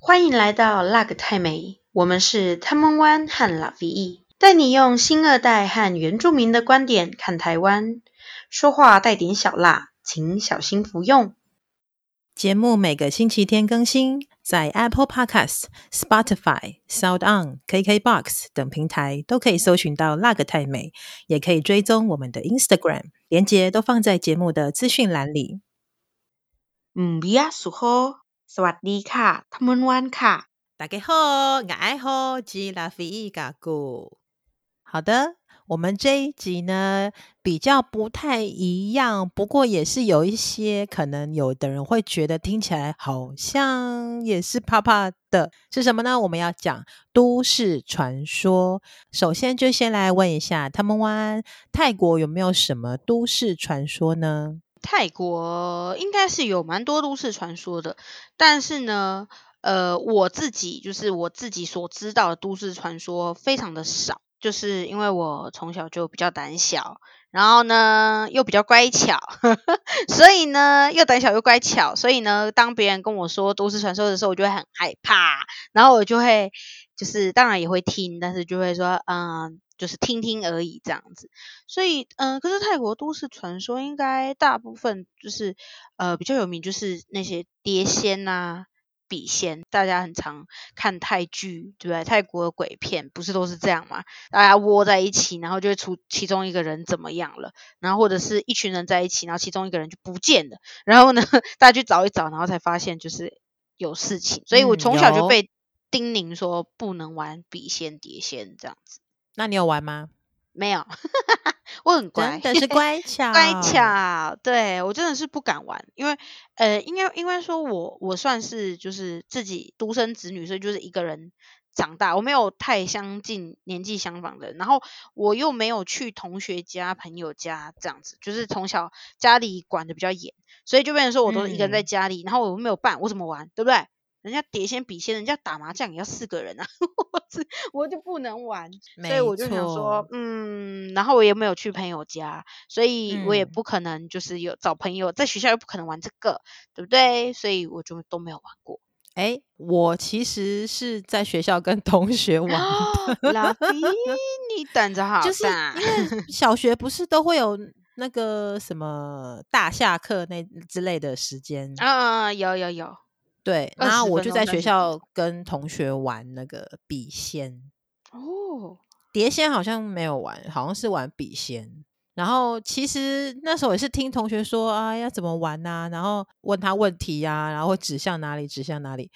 歡迎來到《辣個泰美》，我們是 Tamongwan e 和 Lafii。帶你用新二代和原住民的觀點看台灣，說話帶點小辣，請小心服用。節目每個星期天更新，在 Apple Podcasts、Spotify、Sound On、KK Box 等平台都可以搜尋到《辣個泰美》，也可以追蹤我們的 Instagram，連接都放在節目的資訊欄裡。嗯，不要說好。สวัสดีค่ะทมุนวันค่ะตกห้องจีาฟีกั好的，我們這一集呢，比較不太一樣，不過也是有一些可能有的人會覺得聽起來好像也是怕怕的，是什麼呢？我們要講都市傳說。首先就先來問一下，他們玩泰國有沒有什麼都市傳說呢？泰國應該是有蠻多都市傳說的，但是呢，呃，我自己就是我自己所知道的都市傳說非常的少，就是因為我從小就比較膽小，然後呢又比較乖巧，呵呵，所以呢又膽小又乖巧，所以呢當別人跟我說都市傳說的時候，我就會很害怕，然後我就會。就是當然也會聽，但是就會說，嗯，就是聽聽而已這樣子。所以，嗯，可是泰國都市傳說應該大部分就是，呃，比較有名就是那些碟仙啊、筆仙，大家很常看泰劇，對不對？泰國的鬼片不是都是這樣嗎？大家窩在一起，然後就會出其中一個人怎麼樣了，然後或者是一群人在一起，然後其中一個人就不見了，然後呢，大家去找一找，然後才發現就是有事情。所以我從小就被、嗯。叮嚀說不能玩筆仙、碟仙這樣子。那你有玩嗎？沒有， 我很乖真的是乖巧 乖巧。對我真的是不敢玩，因為呃，應該應該說我我算是就是自己獨生子女，所以就是一個人長大，我沒有太相近年紀相仿的，然後我又沒有去同學家、朋友家這樣子，就是從小家裡管的比較嚴，所以就變成說我都一個人在家裡，嗯、然後我沒有伴，我怎麼玩，對不對？人家碟仙、筆仙，人家打麻將也要四個人啊，我我就不能玩，沒錯。所以我就想說，嗯，然後我也沒有去朋友家，所以我也不可能就是有、嗯、找朋友，在學校又不可能玩這個，對不對？所以我就都沒有玩過。哎，我其實是在學校跟同學玩，老弟、哦，你等着哈、啊，就是因為小學不是都會有那個什麼大下課那之類的時間啊、哦，有有有。對，然後我就在學校跟同學玩那個筆仙哦，碟仙、oh. 好像沒有玩，好像是玩筆仙。然後其實那時候也是聽同學說啊，要怎麼玩吶、啊，然後問他問題呀、啊，然後會指向哪裡指向哪裡。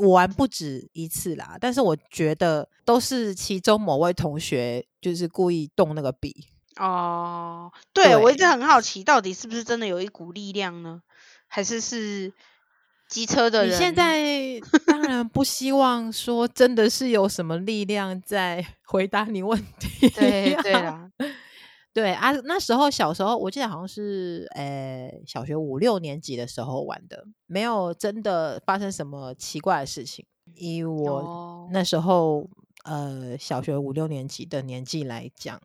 我玩不止一次啦，但是我覺得都是其中某位同學就是故意動那個筆哦。Oh, 對，對我一直很好奇，到底是不是真的有一股力量呢，還是是？機車的人，你現在當然不希望說真的是有什麼力量在回答你問題，啊 對。對啦 對啊，對啊。那時候小時候，我記得好像是，呃，小學五六年級的時候玩的，沒有真的發生什麼奇怪的事情。以我那時候，Oh. 呃，小學五六年級的年紀來講，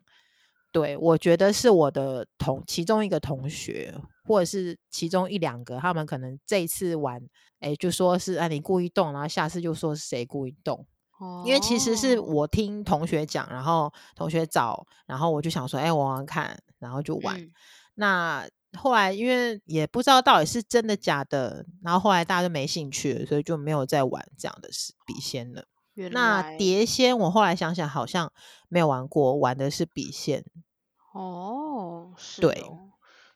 對，我覺得是我的同其中一個同學。或者是其中一兩個，他們可能這一次玩，哎，就說是啊，你故意動，然後下次就說是誰故意動。哦，因為其實是我聽同學講，然後同學找，然後我就想說，哎，我玩玩看，然後就玩。嗯、那後來因為也不知道到底是真的假的，然後後來大家都沒興趣，所以就沒有再玩這樣的事筆仙了。來那碟仙，我後來想想好像沒有玩過，玩的是筆仙。哦，是哦對。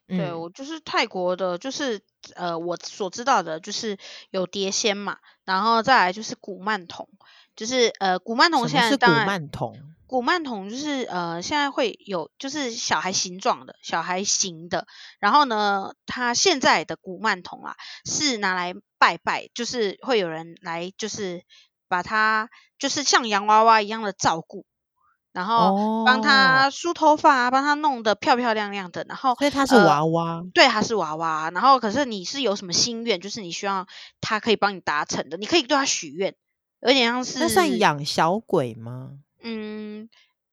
對、嗯、我就是泰國的，就是呃，我所知道的就是有碟仙嘛，然後再來就是古曼童，就是呃，古曼童現在當然是古曼童，古曼童就是呃，現在會有就是小孩形狀的小孩型的，然後呢，他現在的古曼童啊是拿來拜拜，就是會有人來就是把他，就是像洋娃娃一樣的照顧。然後幫他梳頭髮、啊，oh. 幫他弄得漂漂亮亮的。然後，所以他是娃娃，呃，對，他是娃娃。然後，可是你是有什麼心願，就是你需要他可以幫你達成的，你可以對他許願，有點像是。那算養小鬼嗎？嗯，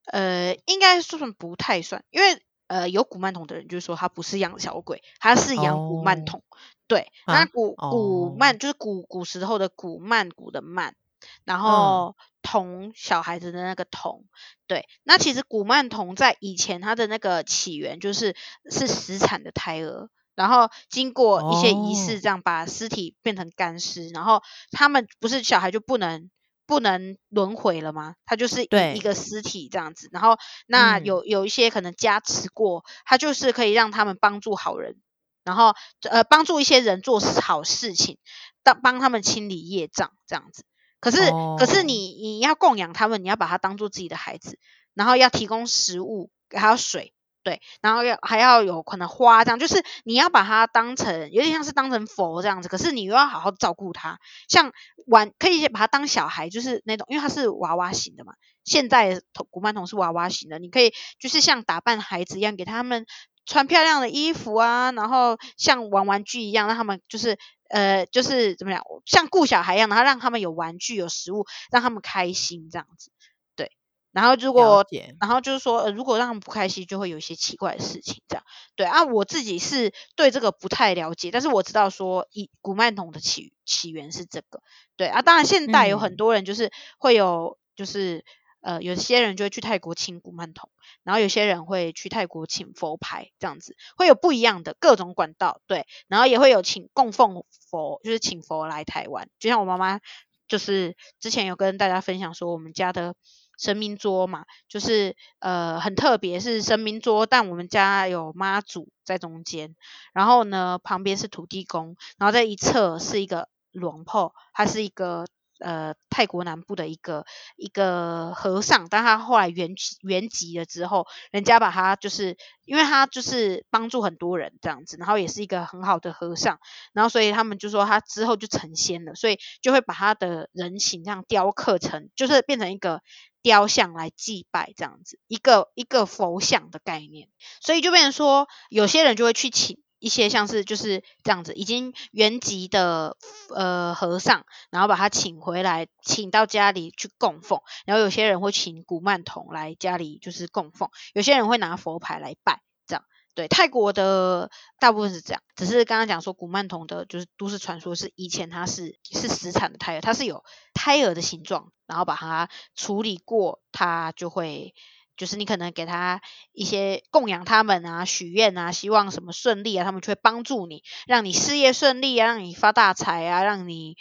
呃，應該說不太算，因為呃，有古曼童的人就是說他不是養小鬼，他是養古曼童。Oh. 對，那、啊、古古曼就是古古時候的古，曼古的曼。然後童、嗯、小孩子的那個童，對，那其實古曼童在以前他的那個起源就是是死產的胎兒，然後經過一些儀式，這樣把屍體變成乾屍，哦、然後他們不是小孩就不能不能輪迴了嗎？他就是一個屍體這樣子，對然後那有有一些可能加持過，他就是可以讓他們幫助好人，然後呃幫助一些人做好事情，當幫，幫他們清理業障這樣子。可是，oh. 可是你你要供養他們，你要把它當做自己的孩子，然後要提供食物，還有水，對，然後要還要有可能花這樣，就是你要把它當成有點像是當成佛這樣子。可是你又要好好照顧它，像玩可以把它當小孩，就是那種因為它是娃娃型的嘛，現在同古曼童是娃娃型的，你可以就是像打扮孩子一樣，給他們穿漂亮的衣服啊，然後像玩玩具一樣，讓他們就是。呃，就是怎麼講，像顧小孩一樣，然後讓他們有玩具、有食物，讓他們開心這樣子，對。然後如果，了解。然後就是說、呃，如果讓他們不開心，就會有一些奇怪的事情這樣。對啊，我自己是對這個不太了解，但是我知道說，以古曼童的起起源是這個。對啊，當然現代有很多人就是會有，嗯、就是。呃，有些人就會去泰國請古曼童，然後有些人會去泰國請佛牌這樣子，會有不一樣的各種管道對，然後也會有請供奉佛，就是請佛來台灣，就像我媽媽就是之前有跟大家分享說，我們家的神明桌嘛，就是呃很特別是神明桌，但我們家有媽祖在中間，然後呢旁邊是土地公，然後在一側是一個龍婆，它是一個。呃，泰國南部的一個一個和尚，但他後來圓圓寂了之後，人家把他就是因為他就是幫助很多人這樣子，然後也是一個很好的和尚，然後所以他們就說他之後就成仙了，所以就會把他的人形這樣雕刻成，就是變成一個雕像來祭拜這樣子，一個一個佛像的概念，所以就變成說有些人就會去請。一些像是就是這樣子，已經圓寂的呃和尚，然後把他請回來，請到家裡去供奉。然後有些人會請古曼童來家裡，就是供奉。有些人會拿佛牌來拜，這樣。對，泰國的大部分是這樣。只是剛剛講說古曼童的，就是都市傳說是以前它是是死產的胎兒，它是有胎兒的形狀，然後把它處理過，它就會。就是你可能給他一些供養，他們啊，許願啊，希望什麼順利啊，他們就會幫助你，讓你事業順利啊，讓你發大財啊，讓你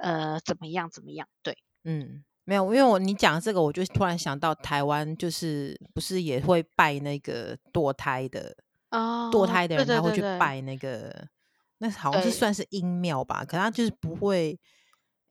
呃怎麼樣怎麼樣？對，嗯，沒有，因為我你講這個，我就突然想到台灣就是不是也會拜那個墮胎的、哦、墮胎的人他會去拜那個，對對對，那好像是算是陰廟吧，哎、可他就是不會。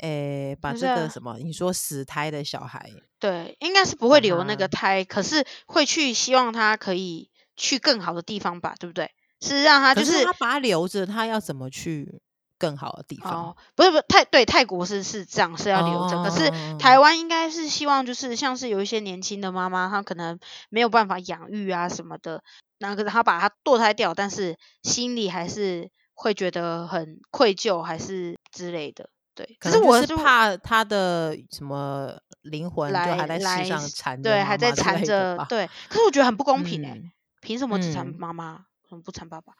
誒、欸，把這個什麼？的你說死胎的小孩？對，應該是不會留那個胎，啊、嗎可是會去希望他可以去更好的地方吧？對不對？是讓他就是，是他把他留着，他要怎麼去更好的地方？哦，不是不，不泰，對。泰國是是這樣，是要留着。哦、可是台灣應該是希望，就是像是有一些年輕的媽媽，她可能沒有辦法養育啊什麼的，那個她把她墮胎掉，但是心裡還是會覺得很愧疚，還是之類的。對，可是我是怕他的什麼靈魂就還在世上纏，對，還在纏着。對，吧對，可是我覺得很不公平，欸，憑、嗯、什麼只纏媽媽，怎、嗯、什麼不纏爸爸？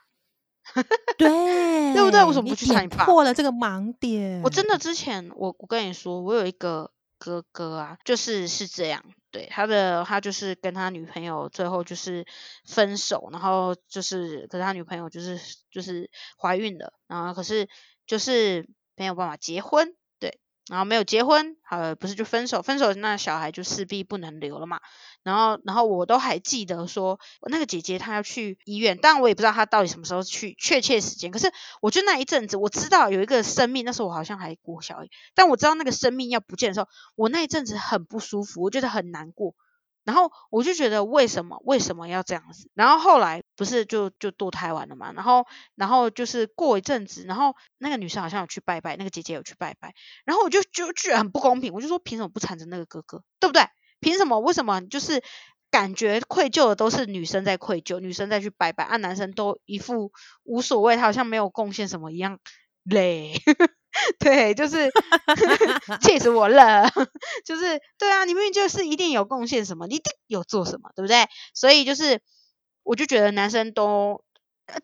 對， 對不對？為什麼不去纏你爸？破了這個盲點，我真的之前，我我跟你說，我有一個哥哥啊，就是是這樣，對，他的他就是跟他女朋友最後就是分手，然後就是可是他女朋友就是就是懷孕了，然後可是就是。沒有辦法結婚，對，然後沒有結婚，呃，不是就分手，分手那小孩就勢必不能留了嘛。然後，然後我都還記得說，那個姐姐她要去醫院，但我也不知道她到底什麼時候去，確切時間。可是，我就那一陣子，我知道有一個生命，那時候我好像還國小，但我知道那個生命要不見的時候，我那一陣子很不舒服，我覺得很難過。然後我就覺得為什麼，為什麼要這樣子？然後後來不是就就墮胎完了嘛？然後然後就是過一陣子，然後那個女生好像有去拜拜，那個姐姐有去拜拜，然後我就就覺得很不公平，我就說憑什麼不纏着那個哥哥，對不對？憑什麼？為什麼？就是感覺愧疚的都是女生在愧疚，女生在去拜拜，按、啊、男生都一副無所謂，他好像沒有貢獻什麼一樣嘞。 對，就是氣死 我了！就是對啊，你明明就是一定有貢獻什麼，你一定有做什麼，對不對？所以就是，我就覺得男生都，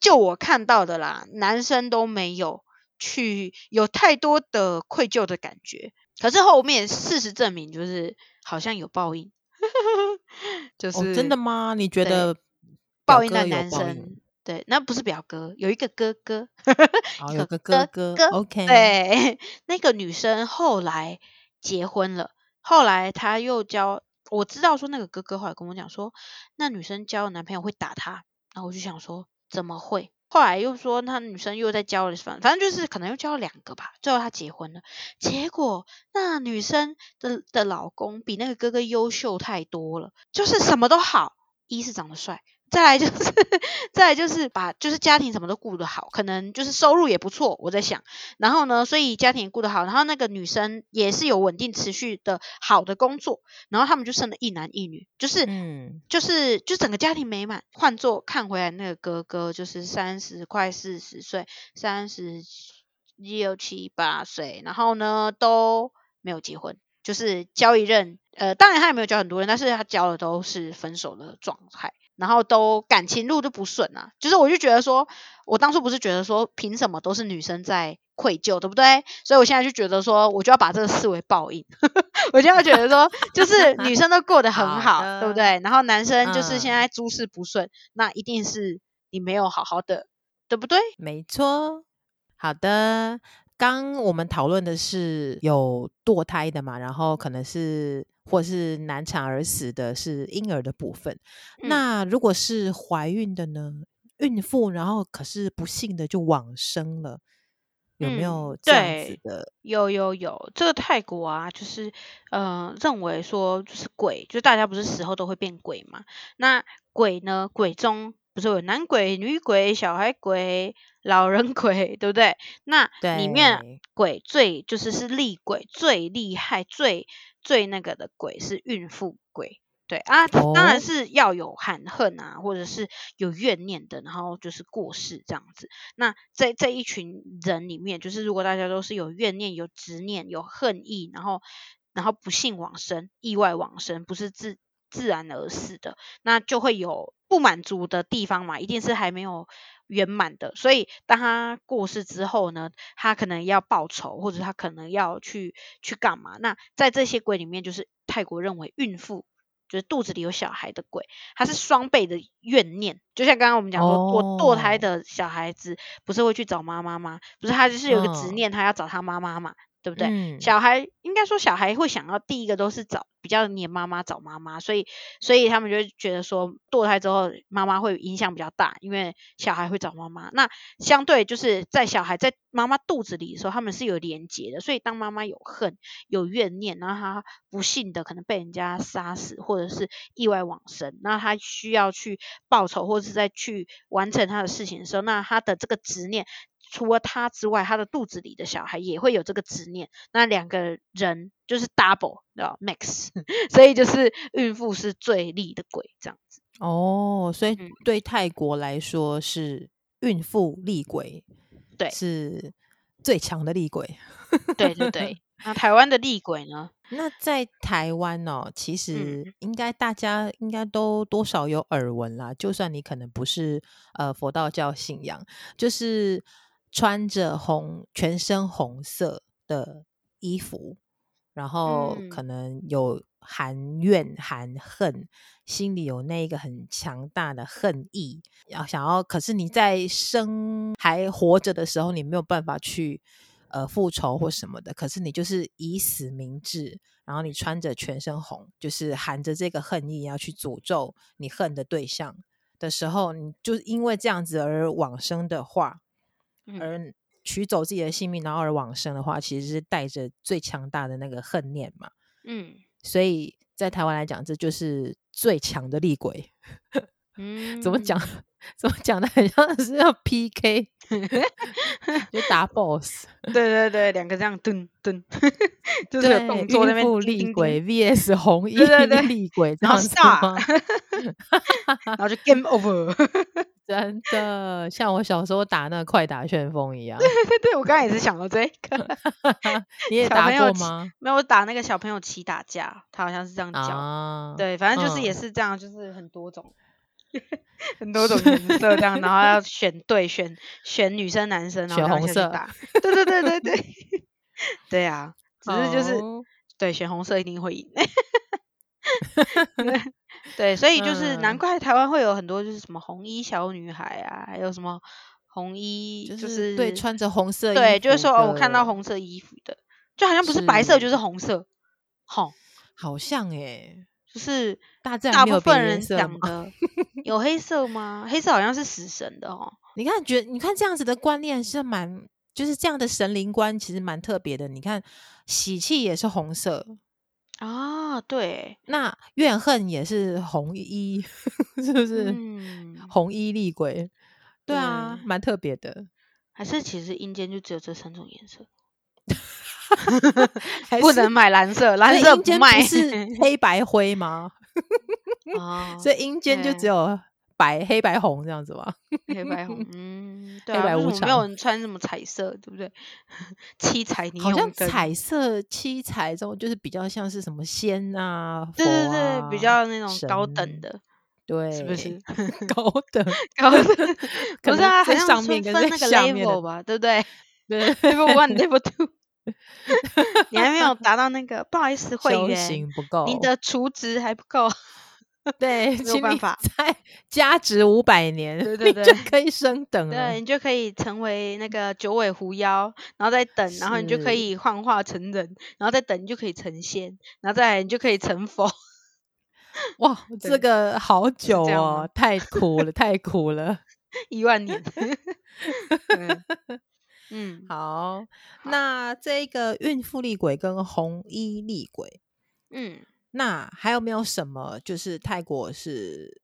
就我看到的啦，男生都沒有去有太多的愧疚的感覺。可是後面事實證明，就是好像有報應， 就是真的嗎？你覺得報應的男生？對，那不是表哥，有一個哥哥，有個哥哥，OK。對，那個女生後來結婚了，後來她又交，我知道說那個哥哥後來跟我講說，那女生交男朋友會打她，然後我就想說怎麼會？後來又說那女生又在交了，反反正就是可能又交了兩個吧。最後她結婚了，結果那女生的的老公比那個哥哥優秀太多了，就是什麼都好，一是長得帥。再來就是，再來就是把就是家庭什麼都顧得好，可能就是收入也不錯。我在想，然後呢，所以家庭也顧得好，然後那個女生也是有穩定持續的好的工作，然後他們就生了一男一女，就是，嗯、就是就整個家庭美滿。換做看回來，那個哥哥就是三十快四十歲，三十六七八歲，然後呢都沒有結婚，就是交一任，呃，當然他也沒有交很多人，但是他交的都是分手的狀態。然後都感情路都不順啊，就是我就覺得說，我當初不是覺得說，憑什麼都是女生在愧疚，對不對？所以我現在就覺得說，我就要把這個視為報應， 我就要覺得說， 就是女生都過得很好，好的對不對？然後男生就是現在諸事不順，嗯、那一定是你沒有好好的，對不對？沒錯，好的。剛我們討論的是有墮胎的嘛，然後可能是。或是難產而死的是嬰兒的部分，嗯、那如果是懷孕的呢？孕婦然後可是不幸的就往生了，有沒有這樣子的？嗯、對，有有有，這個泰國啊，就是呃，認為說就是鬼，就大家不是死後都會變鬼嘛？那鬼呢？鬼中不是有男鬼、女鬼、小孩鬼、老人鬼，對不對？那裡面對鬼最就是是厲鬼最厲害最。最那個的鬼是孕婦鬼，對啊，當然是要有含恨啊，或者是有怨念的，然後就是過世這樣子。那在這一群人裡面，就是如果大家都是有怨念、有執念、有恨意，然後然後不幸往生、意外往生，不是自。自然而死的，那就會有不滿足的地方嘛，一定是還沒有圓滿的。所以當他過世之後呢，他可能要報仇，或者他可能要去去幹嘛？那在這些鬼裡面，就是泰國認為孕婦就是肚子裡有小孩的鬼，他是雙倍的怨念。就像剛剛我們講說，墮墮胎的小孩子不是會去找媽媽嗎？不是他就是有個執念，他要找他媽媽嘛。對不對？嗯、小孩，應該說小孩會想要第一個都是找比較黏媽媽，找媽媽，所以所以他們就覺得說墮胎之後媽媽會影響比較大，因為小孩會找媽媽。那相對就是在小孩在媽媽肚子裡的時候，他們是有連結的，所以當媽媽有恨、有怨念，然後她不幸的可能被人家殺死，或者是意外往生，那她需要去報仇，或者是再去完成她的事情的時候，那她的這個執念。除了他之外，他的肚子裡的小孩也會有這個執念。那兩個人就是 double，對吧？max 所以就是孕婦是最厲的鬼，這樣子。哦，所以對泰國來說是孕婦厲鬼，對、嗯，是最強的厲鬼。對， 對對對。那台灣的厲鬼呢？那在台灣哦，其實應該大家應該都多少有耳聞啦。嗯、就算你可能不是呃佛道教信仰，就是。穿着紅全身紅色的衣服，然後可能有含怨含恨，心裡有那一個很強大的恨意，要想要。可是你在生還活着的時候，你沒有辦法去呃復仇或什麼的。可是你就是以死明志，然後你穿着全身紅，就是含着這個恨意要去詛咒你恨的對象的時候，你就因為這樣子而往生的話。而取走自己的性命，然後而往生的話，其實是帶着最強大的那個恨念嘛。嗯，所以在台灣來講，這就是最強的厲鬼 怎講。怎麼講？怎麼講的？好像是要 PK， 就打 Boss。對對對，兩個這樣蹲蹲， 就是個動作那邊厲鬼噴噴 VS 紅衣厲鬼，然後殺，然後就 Game Over。 真的像我小時候打那快打旋風一樣， 對對對，我剛剛也是想到這個， 你也打過嗎？沒有，我打那個小朋友棋打架，他好像是這樣講，啊、對，反正就是也是這樣，嗯、就是很多種，很多種顏色這樣，是然後要選，對，選選女生男生，然後然後選紅色打，對對對對對， 對啊，只是就是、oh. 對，選紅色一定會贏。 對，所以就是難怪台灣會有很多就是什麼紅衣小女孩啊，還有什麼紅衣，就是，就是對穿着紅色衣服的。對，就是說哦，我看到紅色衣服的，就好像不是白色是就是紅色，好，好像誒、欸、就是大大部分人講的，有，的 有黑色嗎？黑色好像是死神的哦。你看，覺得你看這樣子的觀念是蠻，就是這樣的神靈觀其實蠻特別的。你看喜氣也是紅色。啊、哦，對，那怨恨也是紅衣，是不是？嗯、紅衣厲鬼，對啊，蠻特別的。還是其實陰間就只有這三種顏色， 是不能買藍色，藍色陰間不是黑白灰嗎？哦、 所以陰間就只有。白黑白紅這樣子吧，黑白紅，嗯，對啊，黑白無常沒有人穿什麼彩色，對不對？七彩霓虹，好像彩色七彩這種，就是比較像是什麼仙啊，對對對，比較那種高等的，對，是不是？高等高等，不是啊，好像區分那個 level 吧，對不對？level one, level two，你還沒有達到那個，不好意思，會員你的儲值還不夠。對，沒有辦法，再加值五百年，對對對，就可以升等。對，你就可以成為那個九尾狐妖，然後再等，然後你就可以幻化成人，然後再等，你就可以成仙，然後再來你就可以成佛。哇，這個好久哦，太苦了，太苦了，一萬年。嗯，好，那這個孕婦厲鬼跟紅衣厲鬼，嗯。那還有沒有什麼，就是泰國是，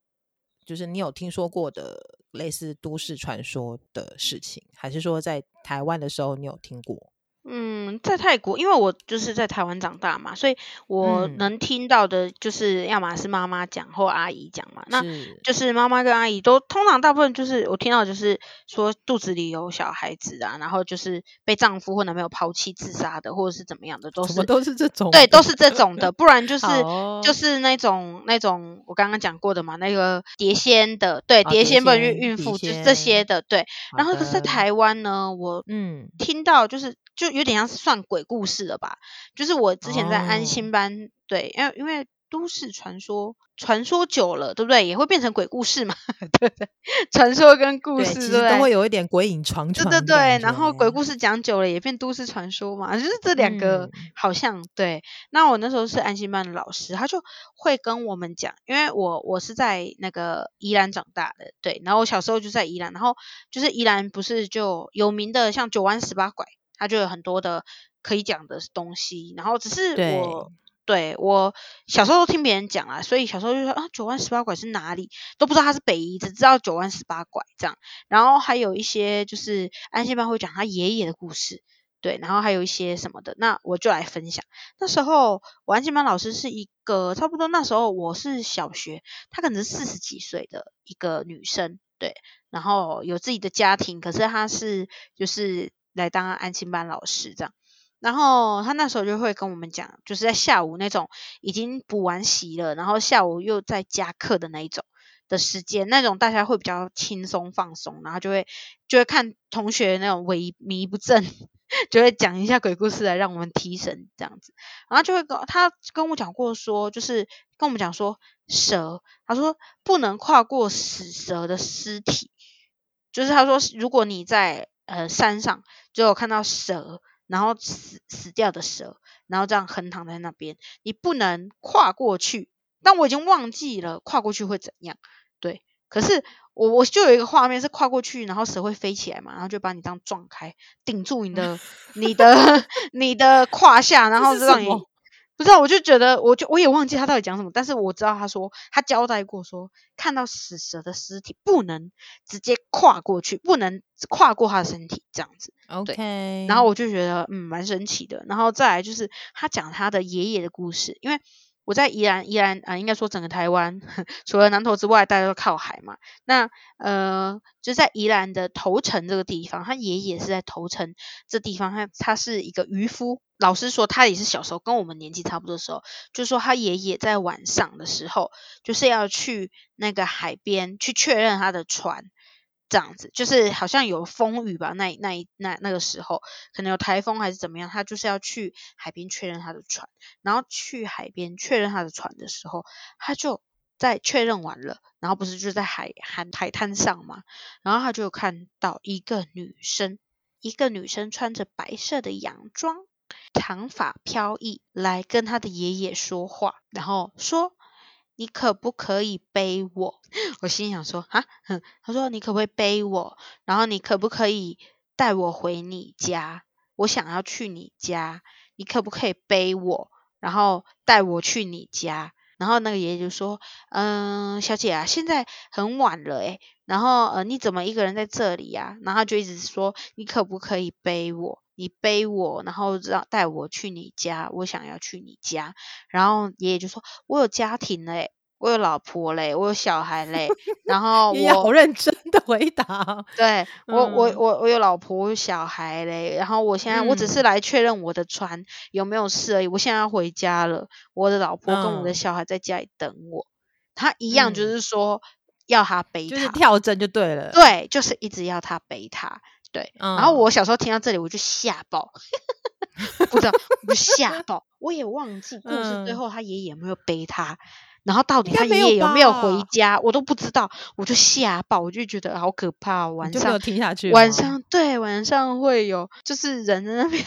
就是你有聽說過的類似都市傳說的事情，還是說在台灣的時候你有聽過？嗯，在泰國，因為我就是在台灣長大嘛，所以我能聽到的就是要嘛是媽媽講或阿姨講嘛。嗯、那就是媽媽跟阿姨都通常大部分就是我聽到就是說肚子裡有小孩子啊，然後就是被丈夫或男朋友拋棄自殺的，或者是怎麼樣的，都是都是這種，對，都是這種的，不然就是、哦、就是那種那種我剛剛講過的嘛，那個碟仙的，對，好碟仙,碟仙不孕孕婦仙就是這些的，對。的然後在台灣呢，我嗯聽到就是、嗯、就。有點像是算鬼故事了吧？就是我之前在安心班，哦、對，因為因為都市傳說傳說久了，對不對？也會變成鬼故事嘛， 對不對？傳說跟故事對對對其實都會有一點鬼影傳傳。對對對，覺然後鬼故事講久了也變都市傳說嘛，嗯、就是這兩個好像對。那我那時候是安心班的老師，他就會跟我們講，因為我我是在那個宜蘭長大的，對，然後我小時候就在宜蘭，然後就是宜蘭不是就有名的，像九彎十八拐。他就有很多的可以講的東西，然後只是我對，對我小時候都聽別人講了，啊，所以小時候就說啊九彎十八拐是哪裡都不知道，他是北宜，只知道九彎十八拐這樣，然後還有一些就是安親班會講他爺爺的故事，對，然後還有一些什麼的，那我就來分享。那時候我安親班老師是一個差不多，那時候我是小學，她可能是四十幾歲的一個女生，對，然後有自己的家庭，可是她是就是。來當安親班老師這樣，然後他那時候就會跟我們講，就是在下午那種已經補完習了，然後下午又再加課的那一種的時間，那種大家會比較輕鬆放鬆，然後就會就會看同學那種萎靡不振，就會講一下鬼故事來讓我們提神這樣子，然後就會跟他跟我講過說，就是跟我們講說蛇，他說不能跨過死蛇的屍體，就是他說如果你在。呃，山上就有看到蛇，然後死死掉的蛇，然後這樣橫躺在那邊，你不能跨過去，但我已經忘記了跨過去會怎樣，對。可是我我就有一個畫面是跨過去，然後蛇會飛起來嘛，然後就把你這樣撞開，頂住你的你的 你的胯下，然後讓你這。不知道，我就覺得，我就我也忘記他到底講什麼，但是我知道他說他交代過說看到死蛇的屍體不能直接跨過去，不能跨過他的身體這樣子。OK，然後我就覺得嗯蠻神奇的。然後再來就是他講他的爺爺的故事，因為。我在宜蘭，宜蘭啊，應該說整個台灣，哼，除了南投之外，大家都靠海嘛。那呃，就在宜蘭的頭城這個地方，他爺爺是在頭城這地方，他他是一個漁夫。老實說，他也是小時候跟我們年紀差不多的時候，就是說他爺爺在晚上的時候，就是要去那個海邊去確認他的船。這樣子就是好像有風雨吧，那那一那那個時候可能有台風還是怎麼樣，他就是要去海邊確認他的船，然後去海邊確認他的船的時候，他就在確認完了，然後不是就在海海海灘上嘛，然後他就看到一個女生，一個女生穿着白色的洋裝，長髮飄逸，來跟他的爺爺說話，然後說。你可不可以背我？我心想說，哼，他說你可不可以背我？然後你可不可以帶我回你家？我想要去你家，你可不可以背我，然後帶我去你家？然後那個爺爺就說，嗯、呃，小姐啊，現在很晚了誒、欸。然後呃，你怎麼一個人在這裡呀、啊？然後他就一直說，你可不可以背我？你背我，然後讓帶我去你家。我想要去你家，然後爺爺就說：“我有家庭嘞，我有老婆嘞，我有小孩嘞。” 然後你認真的回答：“對、嗯、我，我我我有老婆我有小孩嘞。”然後我現在、嗯、我只是來確認我的船有沒有事而已。我現在要回家了，我的老婆跟我的小孩在家裡等我。他一樣就是說、嗯、要他背他，就是跳針就對了。對，就是一直要他背他。對，嗯、然後我小時候聽到這裡我就嚇爆， 我就嚇爆，不知道，我就嚇爆。我也忘記故事最後他爺爺有沒有背他，嗯、然後到底他爺爺有沒有回家，我都不知道。我就嚇爆，我就覺得好可怕、哦。晚上聽下去，晚上對晚上會有，就是人在那邊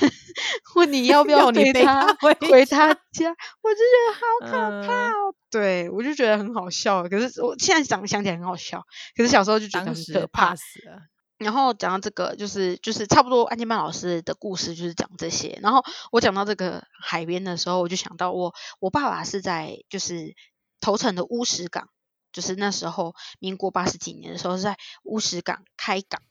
問你要不要給他，要背他回，回他家，我就覺得好可怕、哦。嗯、對，我就覺得很好笑，可是我現在想想起來很好笑，可是小時候就覺得很可怕，怕死了。然後講到這個，就是就是差不多安金曼老師的故事就是講這些。然後我講到這個海邊的時候，我就想到我我爸爸是在就是頭城的烏石港，就是那時候民國八十幾年的時候，在烏石港開港，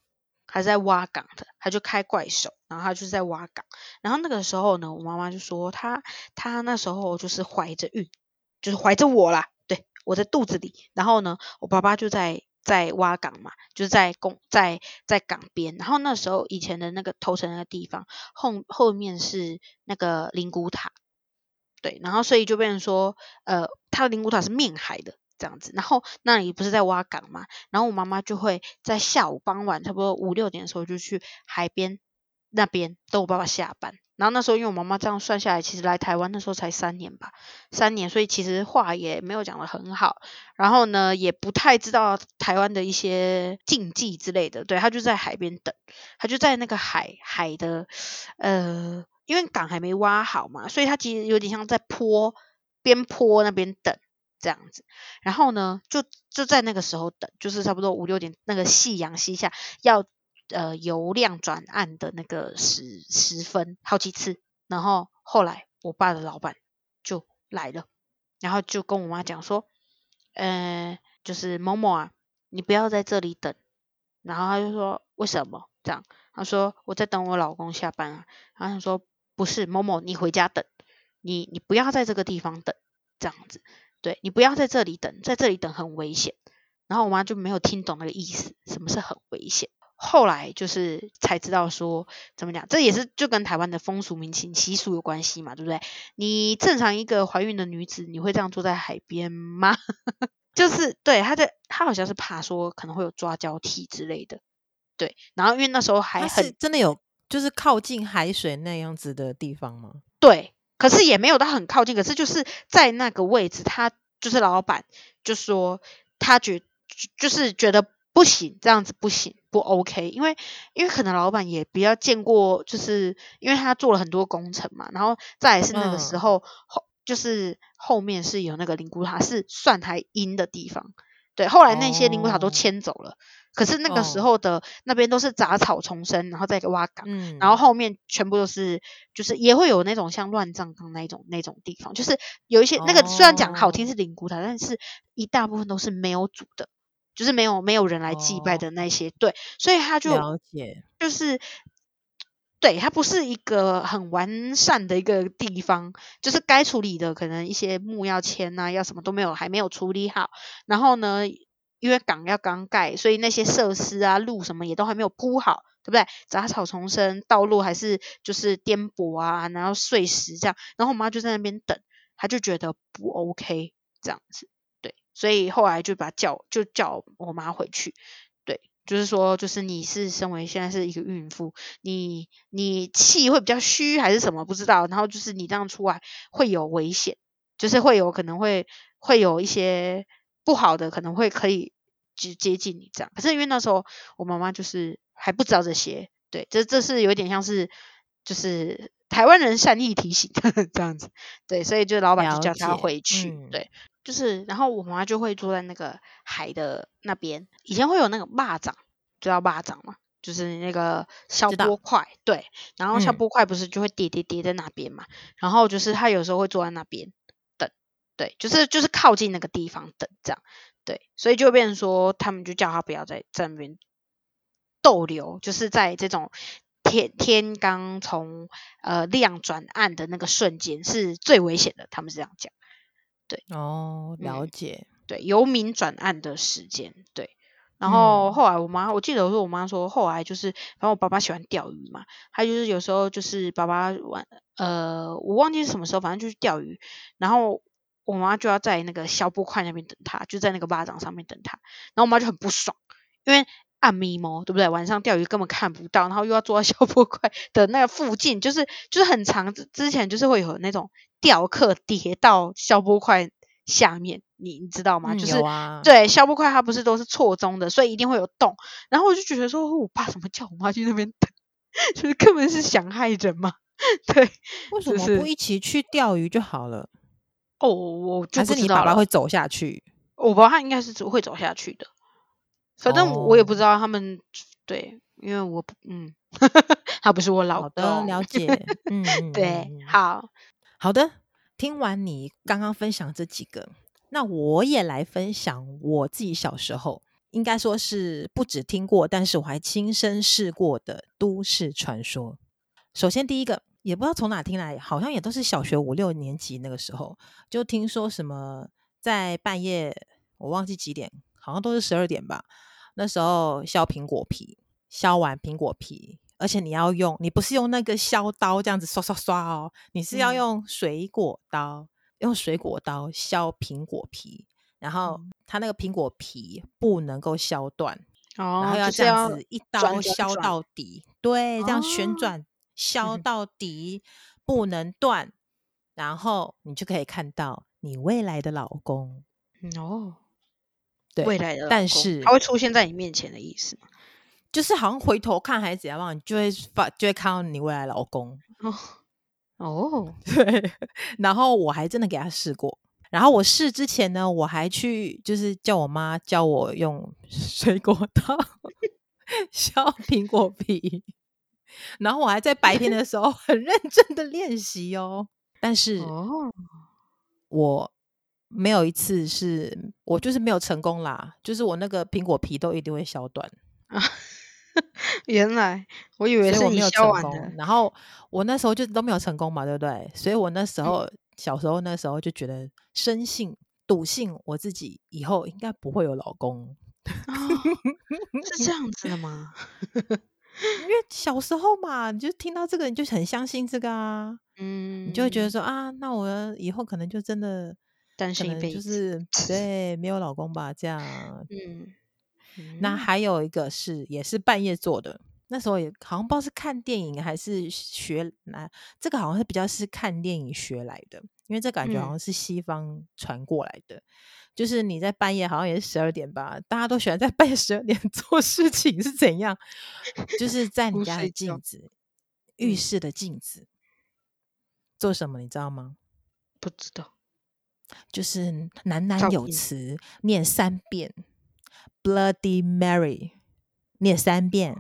還是在挖港的，他就開怪手，然後他就是在挖港。然後那個時候呢，我媽媽就說他他那時候就是懷着孕，就是懷着我啦，對我在肚子裡。然後呢，我爸爸就在。在挖港嘛，就是在公在在港邊，然後那時候以前的那個頭城，那個地方，後後面是那個靈骨塔，對，然後所以就變成說，呃，他的靈骨塔是面海的這樣子，然後那裡不是在挖港嘛，然後我媽媽就會在下午傍晚差不多五六點的時候就去海邊。那邊等我爸爸下班，然後，那時候因為我媽媽這樣算下來，其實來台灣那時候才三年吧，三年，所以其實話也沒有講得很好，然後呢也不太知道台灣的一些禁忌之類的，對，他就在海邊等，他就在那個海海的，呃，因為港還沒挖好嘛，所以他其實有點像在坡邊坡那邊等這樣子，然後呢就就在那個時候等，就是差不多五六點，那個夕陽西下要。呃，由亮轉暗的那個十十分好幾次，然後後來我爸的老闆就來了，然後就跟我媽講說，呃，就是某某啊，你不要在這裡等，然後他就說為什麼這樣？他說我在等我老公下班啊，然後他說不是某某，你回家等，你你不要在這個地方等，這樣子，對，你不要在這裡等，在這裡等很危險。然後我媽就沒有聽懂那個意思，什麼是很危險？後來就是才知道說，怎麼講，這也是就跟台灣的風俗民情習俗有關係嘛，對不對？你正常一個懷孕的女子，你會這樣坐在海邊嗎？ 就是對，她在她好像是怕說可能會有抓交替之類的，對。然後因為那時候還很真的有，就是靠近海水那樣子的地方嗎？對，可是也沒有到很靠近，可是就是在那個位置，她就是老板就說她覺就是覺得。不行，這樣子不行，不 OK，因為因為可能老板也比較見過，就是因為他做了很多工程嘛，然後再來是那個時候、嗯、後就是後面是有那個靈骨塔是算台陰的地方，對，後來那些靈骨塔都遷走了，哦、可是那個時候的、哦、那邊都是雜草叢生，然後再挖崗，嗯、然後後面全部都是就是也會有那種像亂葬崗那一種那種地方，就是有一些、哦、那個雖然講好聽是靈骨塔，但是一大部分都是沒有主的。就是沒有沒有人來祭拜的那些，哦、對，所以他就了解，就是對他不是一個很完善的一個地方，就是該處理的可能一些墓要遷吶、啊，要什麼都沒有，還沒有處理好。然後呢，因為港要剛蓋，所以那些設施啊、路什麼也都還沒有鋪好，對不對？雜草叢生，道路還是就是顛簸啊，然後碎石這樣。然後我媽就在那邊等，她就覺得不 OK 這樣子。所以後來就把他叫就叫我媽回去，對，就是說，就是你是身為現在是一個孕婦，你你氣會比較虛還是什麼不知道，然後就是你這樣出來會有危險，就是會有可能會會有一些不好的，可能會可以接接近你這樣，可是因為那時候我媽媽就是還不知道這些，對，這這是有點像是就是台灣人善意提醒的 這樣子，對，所以就老板就叫她回去，嗯、對。就是，然後我媽就會坐在那個海的那邊。以前會有那個螞蚱，知道螞蚱嗎？就是那個消波塊，道對，然後消波塊不是就會疊疊疊在那邊嘛？嗯、然後就是他有時候會坐在那邊等，對，就是就是靠近那個地方等這樣，對，所以就變成說，他們就叫他不要在這邊逗留，就是在這種天天剛從呃亮轉暗的那個瞬間是最危險的，他們是這樣講。對哦，了解。對，由明轉暗的時間，對。然後後來我媽，我記得我說我媽說，後來就是，反正我爸爸喜歡釣魚嘛，他就是有時候就是爸爸玩，呃，我忘記是什麼時候，反正就是釣魚。然後我媽就要在那個消波塊那邊等他，就在那個巴掌上面等他。然後我媽就很不爽，因為暗咪貓對不對？晚上釣魚根本看不到，然後又要坐在消波塊的那個附近，就是就是很長之之前就是會有那種。釣客跌到消波塊下面，你你知道嗎？嗯、就是、啊、對消波塊，它不是都是錯綜的，所以一定會有洞。然後我就覺得說，哦、我爸怎麼叫我媽去那邊等？就是根本是想害人嘛。對，為什麼不一起去釣魚就好了？哦，我就還是你爸爸會走下去。我爸他應該是會走下去的。反正、哦、我也不知道他們對，因為我嗯， 他不是我老的，了解。 對嗯，嗯，對，好。好的，聽完你剛剛分享這幾個，那我也來分享我自己小時候，應該說是不止聽過，但是我還親身試過的都市傳說。首先第一個，也不知道從哪聽來，好像也都是小學五六年級那個時候就聽說什麼，在半夜，我忘記幾點，好像都是十二點吧。那時候削蘋果皮，削完蘋果皮。而且你要用，你不是用那個削刀這樣子刷刷刷哦，你是要用水果刀，嗯、用水果刀削蘋果皮，然後它那個蘋果皮不能夠削斷，哦、然後要這樣子一刀削，轉轉轉削到底，對，這樣旋轉、哦、削到底，不能斷，然後你就可以看到你未來的老公哦，對未來的，但是他會出現在你面前的意思嗎？就是好像回頭看孩子一樣，你就會發就會看到你未來老公哦哦、oh. oh. 對，然後我還真的給他試過，然後我試之前呢，我還去就是叫我媽教我用水果刀削蘋果皮， 然後我還在白天的時候很認真的練習哦，但是、oh. 我沒有一次是我就是沒有成功啦，就是我那個蘋果皮都一定會削斷啊。Oh. 原來我以為是你以我沒有成功，然後我那時候就都沒有成功嘛，對不對？所以我那時候、嗯、小時候那時候就覺得深信篤信我自己以後應該不會有老公， 是這樣子的嗎？ 因為小時候嘛，你就聽到這個你就很相信這個啊，嗯，你就會覺得說啊，那我以後可能就真的單身一輩子、就是對，沒有老公吧？這樣，嗯。嗯、那還有一個是，也是半夜做的。那時候也好像不知道是看電影還是學、啊、這個好像是比較是看電影學來的，因為這感覺好像是西方傳過來的。嗯、就是你在半夜，好像也是十二點吧，大家都喜歡在半夜十二點做事情是怎樣？ 就是在你家的鏡子，浴室的鏡子、嗯、做什麼？你知道嗎？不知道，就是喃喃有詞，片念三遍。Bloody Mary，念三遍，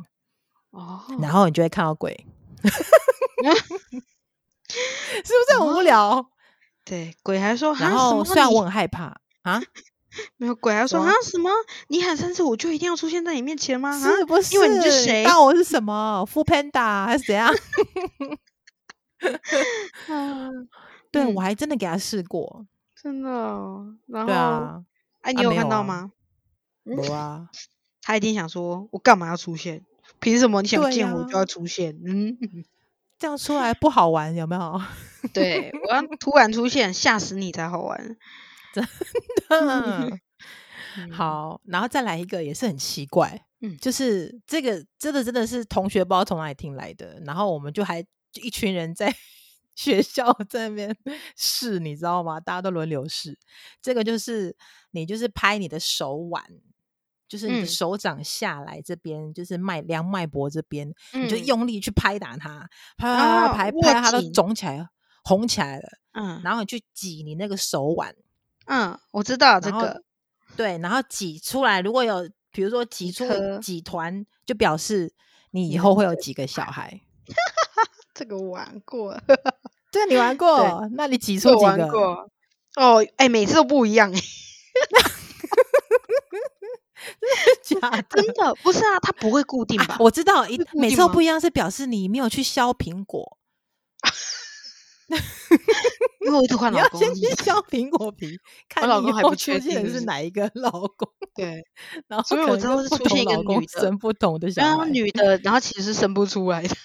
然後你就會看到鬼，是不是很無聊？對，鬼還說，然後雖然我很害怕啊，沒有鬼還說啊什麼？你喊三次，我就一定要出現在你面前嗎？是不是？因為你是誰？那我是什麼？富 Panda 還是怎樣？對，我還真的給他試過，真的。然後，哎，你有看到嗎？有啊，他一定想說：“我幹嘛要出現？憑什麼你想見我就要出現？”啊、嗯，這樣出來不好玩，有沒有？對，我要突然出現嚇 死你才好玩，真的。嗯、好，然後再來一個也是很奇怪，嗯，就是這個真的、這個、真的是同學不知道從哪裡聽來的，然後我們就還一群人在學校在那邊試，你知道嗎？大家都輪流試。這個就是你就是拍你的手腕。就是你手掌下來這邊，就是脈量脈搏這邊，你就用力去拍打它，拍拍拍，拍它都腫起來紅起來了。嗯，然後你去擠你那個手腕，嗯，我知道這個。對，然後擠出來，如果有比如說擠出幾團，就表示你以後會有幾個小孩。這個玩過，對，你玩過？那你擠出幾個？哦，哎，每次都不一樣。真的不是啊，他不會固定吧？我知道，一每次不一樣是表示你沒有去削蘋果。因為我一直換老公，你要先去削蘋果皮，看老公還不確定是哪一個老公。對，然後所以我知道是出現老公生不同的小孩，然後女的，然後其實生不出來的，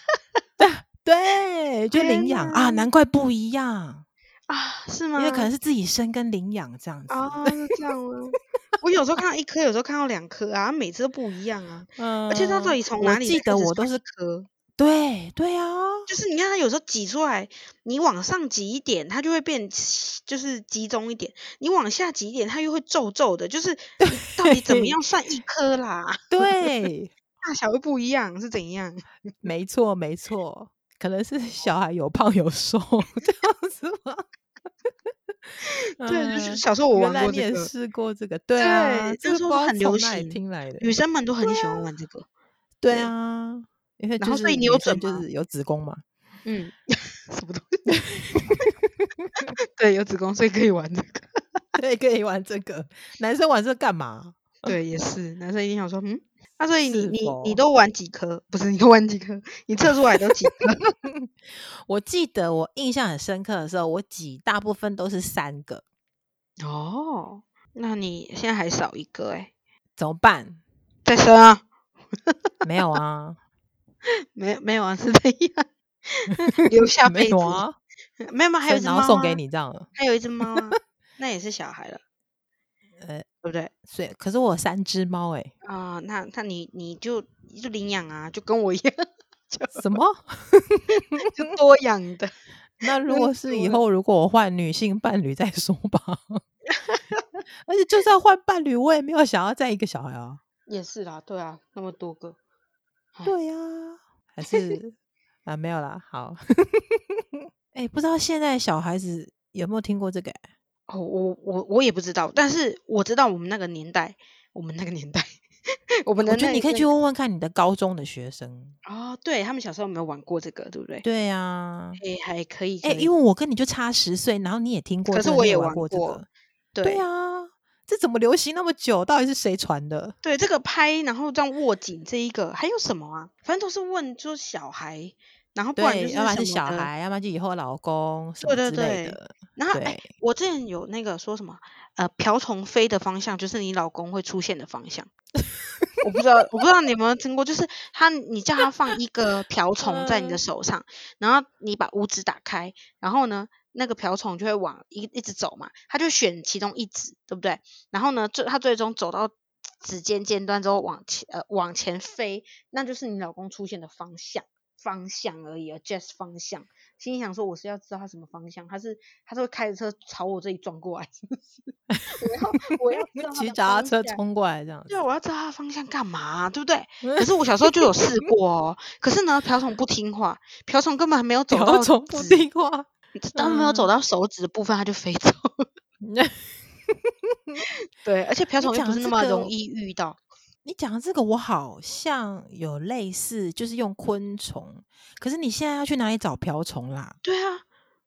對，就領養啊，難怪不一樣啊，是嗎？因為可能是自己生跟領養這樣子啊，這樣哦。 我有時候看到一顆，有時候看到兩顆啊，每次都不一樣啊。嗯，而且他到底從哪裡？我記得我都是顆。對對啊，就是你看它有時候擠出來，你往上擠一點，它就會變就是集中一點；你往下擠一點，它又會皺皺的。就是到底怎麼樣算一顆啦？ 對，大 小又不一樣是怎樣？ 沒錯沒錯，可能是小孩有胖有瘦這樣子吧。 對，嗯、就是小時候我玩過這個，這個、對、就、啊啊、是說很流行，聽來的，女生們都很喜歡玩這個，對啊，對啊對，因為就是女生就是有子宮嘛，嗯， 什麼東西？ 對，有子宮，所以可以玩這個， 對，可以玩這個。男生玩這幹嘛？嗯、對，也是，男生一定想說，嗯。那、啊、所以你你你，你都玩幾顆？不是你都玩幾顆？你測出來都幾顆？ 我記得我印象很深刻的時候，我擠大部分都是三個。哦，那你現在還少一個哎、欸？怎麼辦？再生啊，沒啊 沒？沒有啊，沒 沒有啊，是這樣，留下沒有啊？ 沒有嗎、啊？還有一隻貓，然後送給你這樣了，還有一隻貓啊， 那也是小孩了。呃。對不對？所以可是我有三只貓誒、欸、啊、呃，那那你你就就領養啊，就跟我一樣，什麼 多養的。那如果是以後，的如果我換女性伴侶再說吧。 而且就算換伴侶，我也沒有想要再一個小孩啊、喔。也是啦，對啊，那麼多個，對呀、啊，還是 啊沒有啦，好。誒、 欸、不知道現在小孩子有沒有聽過這個、欸？哦、我我我我也不知道，但是我知道我們那個年代，我們那個年代， 我們的，那我覺得你可以去問問看你的高中的學生啊、哦，對他們小時候有沒有玩過這個，對不對？對啊，也還可以，可以誒。因為我跟你就差十歲，然後你也聽過，可是我也玩過這個。對啊，對，這怎麼流行那麼久？到底是誰傳的？對，這個拍，然後這樣握緊這一個，還有什麼啊？反正都是問，就是小孩。然後不然就是，要不然是小孩，要不然就以後老公什麼之類的。對對對然後哎對，我之前有那個說什麼呃，瓢蟲飛的方向就是你老公會出現的方向。 我不知道，我不知道你有沒有聽過，就是他，你叫他放一個瓢蟲在你的手上，嗯、然後你把五指打開，然後呢，那個瓢蟲就會往一一直走嘛，他就選其中一指，對不對？然後呢，最他最終走到指尖尖端之後往前呃往前飛，那就是你老公出現的方向。方向而已啊，just 方向。心裡想說我是要知道他什麼方向，他是，他是會開着車朝我這裡撞過來是是，我要我要騎腳踏車衝過來這樣。對，我要知道他方向幹嘛、啊？對不對？可是我小時候就有試過哦。 可是呢，瓢蟲不聽話，瓢蟲根本還沒有走到指，當沒有走到手指的部分，它、嗯、就飛走了。 對，而且瓢蟲又不是那麼容易遇到。你講的這個，我好像有類似，就是用昆蟲。可是你現在要去哪裡找瓢蟲啦？對啊，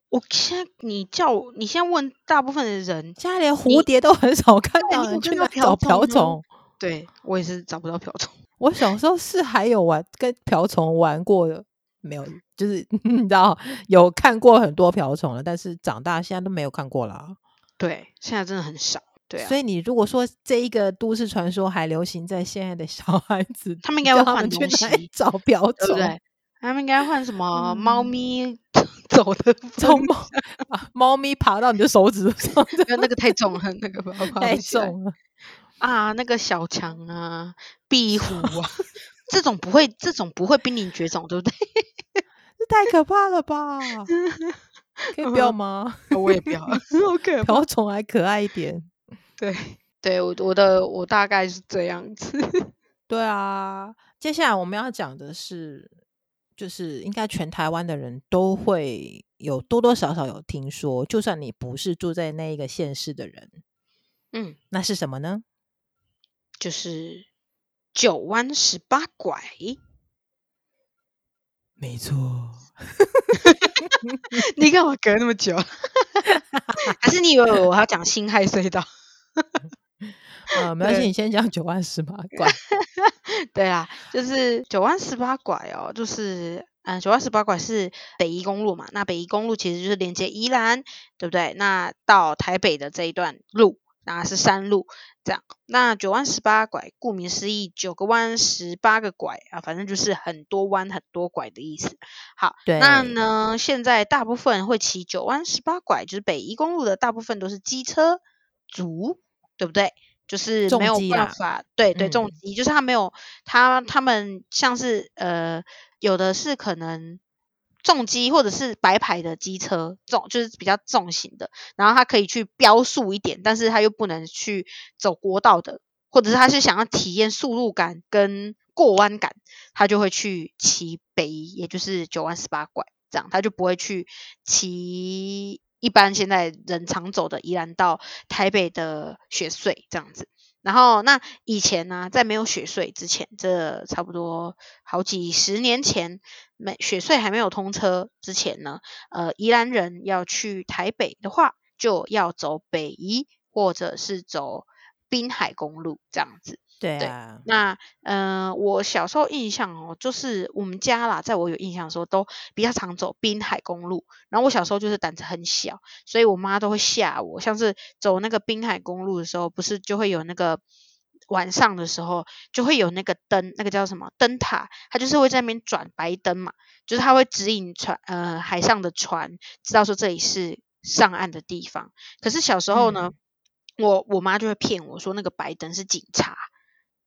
我現在你叫你現在問大部分的人，家連蝴蝶都很少看你那你到。見，去那找瓢蟲。對我也是找不到瓢蟲。我小時候是還有玩跟瓢蟲玩過，沒有？就是 你知道有看過很多瓢蟲了，但是長大現在都沒有看過啦。對，現在真的很少。所以你如果說這一個都市傳說還流行在現在的小孩子，他們應該換東西找瓢蟲，他們應該換什麼？貓咪走的貓貓，貓咪爬到你的手指上，因為那個太重了，那個，太重了啊！那個小強啊，壁虎啊，這種不會，這種不會瀕臨絕種，對不對？這太可怕了吧？可以不要嗎？我也不要，瓢蟲還可愛一點。對對，我我的我大概是這樣子。 對啊，接下來我們要講的是，就是應該全台灣的人都會有多多少少有聽說，就算你不是住在那一個縣市的人，嗯，那是什麼呢？就是九彎十八拐。沒錯。 你幹嘛隔那麼久， 還是你以為我還要講辛亥隧道？哈哈，呃、 嗯，沒關係對你先講九彎十八拐。 對啊，就是九彎十八拐哦，就是，嗯、呃，九彎十八拐是北宜公路嘛？那北宜公路其實就是連接宜蘭，對不對？那到台北的這一段路，那是山路。這樣，那九彎十八拐，顧名思義，九個彎，十八個拐啊，反正就是很多彎很多拐的意思。好，對那呢，現在大部分會騎九彎十八拐，就是北宜公路的大部分都是機車。足對不對？就是沒有辦法，啊、對對、嗯、重機，就是他沒有他他們像是呃，有的是可能重機或者是白牌的機車，重就是比較重型的，然後他可以去飆速一點，但是他又不能去走國道的，或者是他是想要體驗速度感跟過彎感，他就會去騎北，也就是九彎十八拐這樣，他就不會去騎。一般現在人常走的宜蘭到台北的雪隧這樣子，然後那以前呢、啊，在沒有雪隧之前，這差不多好幾十年前，沒雪隧，還沒有通車之前呢，呃，宜蘭人要去台北的話，就要走北宜或者是走濱海公路這樣子。對啊，對那嗯、呃，我小時候印象哦，就是我們家啦，在我有印象的時候，都比較常走濱海公路。然後我小時候就是膽子很小，所以我媽都會嚇我，像是走那個濱海公路的時候，不是就會有那個晚上的時候就會有那個燈，那個叫什麼燈塔，它就是會在那邊轉白燈嘛，就是它會指引船，呃，海上的船知道說，這裡是上岸的地方。可是小時候呢，嗯、我我媽就會騙我說那個白燈是警察。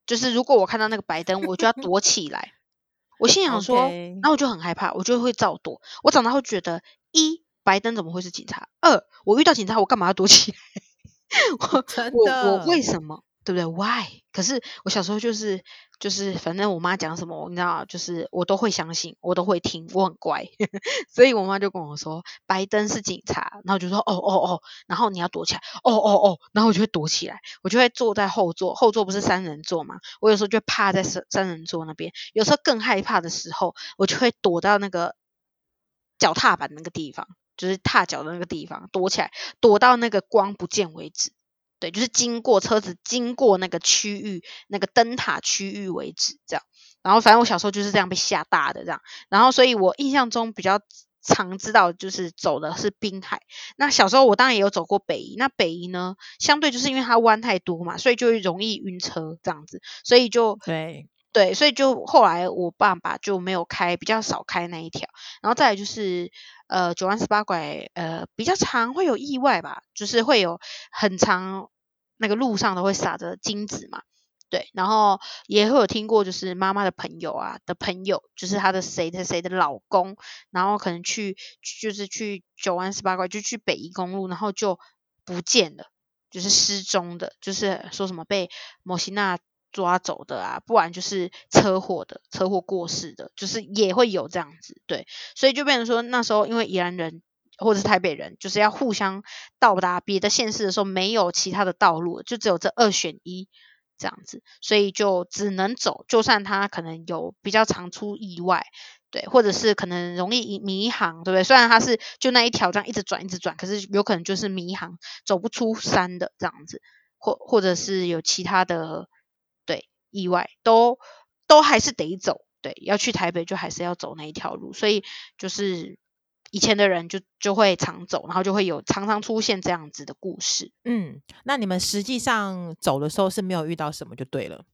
就是如果我看到那個白燈，我就要躲起來。 我心想說，那我 Okay. 就很害怕，我就會照躲。我長大後覺得，一白燈怎麼會是警察？二我遇到警察，我幹嘛要躲起來？ 我的我我為什麼？對不對？Why？可是我小時候就是就是，反正我媽講什麼，你知道，就是我都會相信，我都會聽，我很乖。 所以我媽就跟我說，白燈是警察，然後就說，哦哦哦，然後你要躲起來，哦哦哦，然後我就會躲起來，我就會坐在後座，後座不是三人座嘛？我有時候就趴在三三人座那邊，有時候更害怕的時候，我就會躲到那個腳踏板那個地方，就是踏腳的那個地方躲起來，躲到那個光不見為止。對，就是經過車子經過那個區域，那個燈塔區域為止，這樣。然後，反正我小時候就是這樣被嚇大的，這樣。然後，所以我印象中比較常知道就是走的是濱海。那小時候我當然也有走過北宜，那北宜呢，相對就是因為它彎太多嘛，所以就容易暈車這樣子。所以就對。對，所以就後來我爸爸就沒有開，比較少開那一條。然後再來就是，呃，九彎十八拐，呃，比較常會有意外吧，就是會有很常那個路上都會撒着金紙嘛。對，然後也會有聽過，就是媽媽的朋友啊的朋友，就是她的誰的誰的老公，然後可能去就是去九彎十八拐，就去北宜公路，然後就不見了，就是失蹤的，就是說什麼被魔神仔。抓走的啊，不然就是車禍的，車禍過世的，就是也會有這樣子，對，所以就變成說那時候因為宜蘭人或者是台北人，就是要互相到達別的縣市的時候，沒有其他的道路，就只有這二選一這樣子，所以就只能走，就算他可能有比較常出意外，對，或者是可能容易迷航，對不對？雖然他是就那一條這樣一直轉一直轉，可是有可能就是迷航，走不出山的這樣子，或或者是有其他的。意外都都還是得走，對，要去台北就還是要走那一條路，所以就是以前的人就就會常走，然後就會有常常出現這樣子的故事。嗯，那你們實際上走的時候是沒有遇到什麼就對了？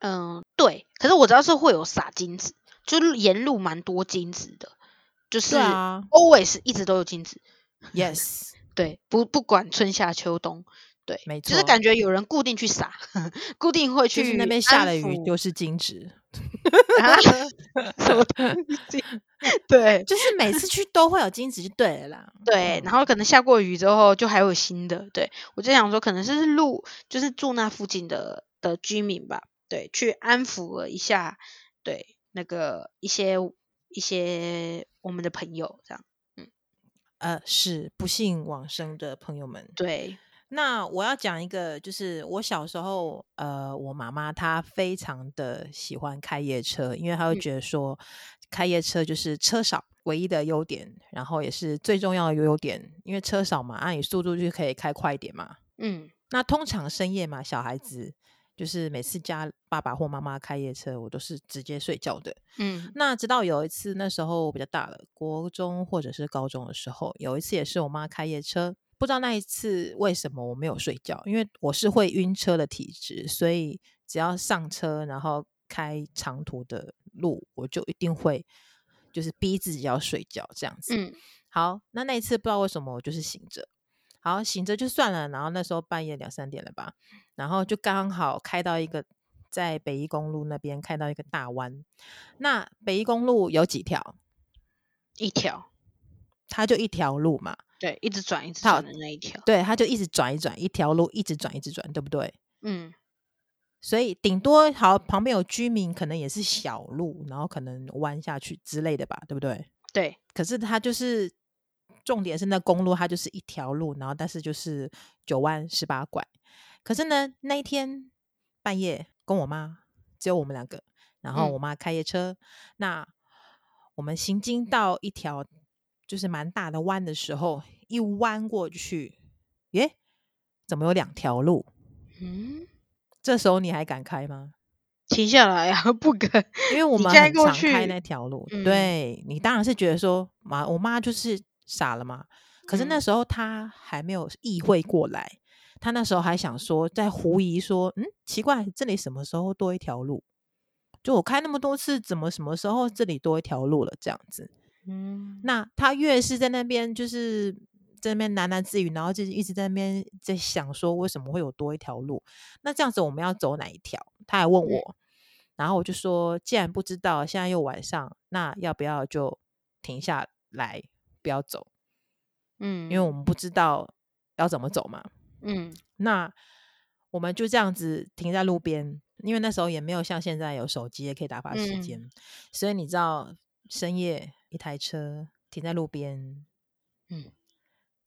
嗯，對。可是我知道是會有撒金子，就沿路蠻多金子的，就是、啊、Always 一直都有金子。Yes，對，不不管春夏秋冬。對，沒錯，就是感覺有人固定去撒，固定會去。那邊下了雨就是金子。什麼金？ 對，就是每次去都會有金子，就對了啦。對，然後可能下過雨之後就還有新的。對，我就想說，可能是路，就是住那附近的的居民吧。對，去安撫了一下，對，那個一些一些我們的朋友這樣。嗯，呃，是不幸往生的朋友們。對。那我要講一個，就是我小時候，呃，我媽媽她非常的喜歡開夜車，因為她會覺得說，開夜車就是車少唯一的優點，嗯、然後也是最重要的優點，因為車少嘛，按你速度就可以開快一點嘛。嗯，那通常深夜嘛，小孩子就是每次家爸爸或媽媽開夜車，我都是直接睡覺的。嗯，那直到有一次，那時候我比較大了，國中或者是高中的時候，有一次也是我媽開夜車。不知道那一次為什麼我沒有睡覺，因為我是會暈車的體質，所以只要上車然後開長途的路，我就一定會就是逼自己要睡覺這樣子。嗯，好，那那一次不知道為什麼我就是醒着，好醒着就算了。然後那時候半夜兩三點了吧，然後就剛好開到一個在北宜公路那邊開到一個大彎。那北宜公路有幾條？一條，它就一條路嘛。對，一直轉一直到的那一條，對，他就一直轉一轉，一條路一直轉一直轉，對不對？嗯，所以頂多好旁邊有居民，可能也是小路，然後可能彎下去之類的吧，對不對？對，可是他就是重點是那公路，它就是一條路，然後但是就是九彎十八拐。可是呢，那一天半夜跟我媽只有我們兩個，然後我媽開夜車，嗯、那我們行經到一條。就是蠻大的彎的時候，一彎過去，耶，怎麼有兩條路？嗯，這時候你還敢開嗎？停下來呀、啊，不敢，因為我們很常開那條路。嗯、對你當然是覺得說媽，我媽就是傻了嘛。」可是那時候她還沒有意會過來，嗯、她那時候還想說，在狐疑說，嗯，奇怪，這裡什麼時候多一條路？就我開那麼多次，怎麼什麼時候這裡多一條路了？這樣子。嗯，那他越是在那邊就是在那邊喃喃自語，然後就是一直在那邊在想說，為什麼會有多一條路？那這樣子我們要走哪一條？他還問我，然後我就說，既然不知道，現在又晚上，那要不要就停下來不要走？嗯，因為我們不知道要怎麼走嘛。嗯，那我們就這樣子停在路邊，因為那時候也沒有像現在有手機也可以打發時間，嗯，所以你知道深夜。一台車停在路邊，嗯，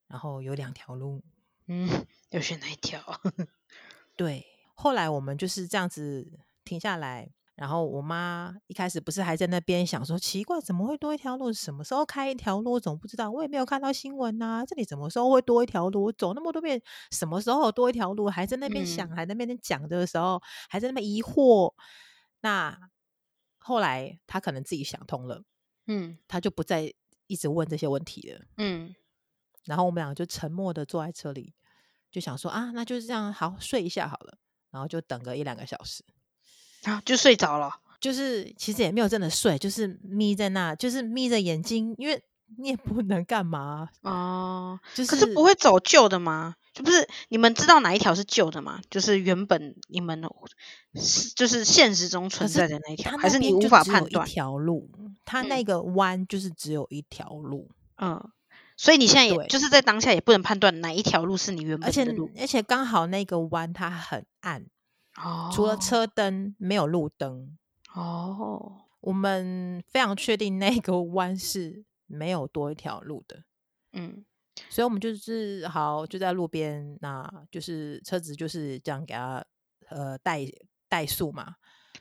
然後有兩條路，嗯，有選哪一條？ 對，後來我們就是這樣子停下來，然後我媽一開始不是還在那邊想說奇怪怎麼會多一條路？什麼時候開一條路？我怎麼不知道？我也沒有看到新聞啊，這裡什麼時候會多一條路？走那麼多遍，什麼時候多一條路？還在那邊想，嗯、還在那邊講的時候，還在那邊疑惑。那後來她可能自己想通了。嗯，他就不再一直問這些問題了。嗯，然後我們兩個就沉默的坐在車裡，就想說啊，那就這樣，好睡一下好了，然後就等個一兩個小時，啊，就睡着了。就是其實也沒有真的睡，就是眯在那，就是眯着眼睛，因為你也不能幹嘛啊，哦、就是、可是不會走舊的嗎？就不是你們知道哪一條是舊的嗎？就是原本你們是就是現實中存在的那一條，是一還是你無法判斷？一條路，它那個彎就是只有一條路嗯。嗯，所以你現在也對就是在當下也不能判斷哪一條路是你原本的路，而且而且剛好那個彎它很暗哦，除了車燈沒有路燈哦，我們非常確定那個彎是沒有多一條路的。嗯。所以我們就是好，就在路邊，那、啊、就是車子就是這樣給他呃怠怠速嘛。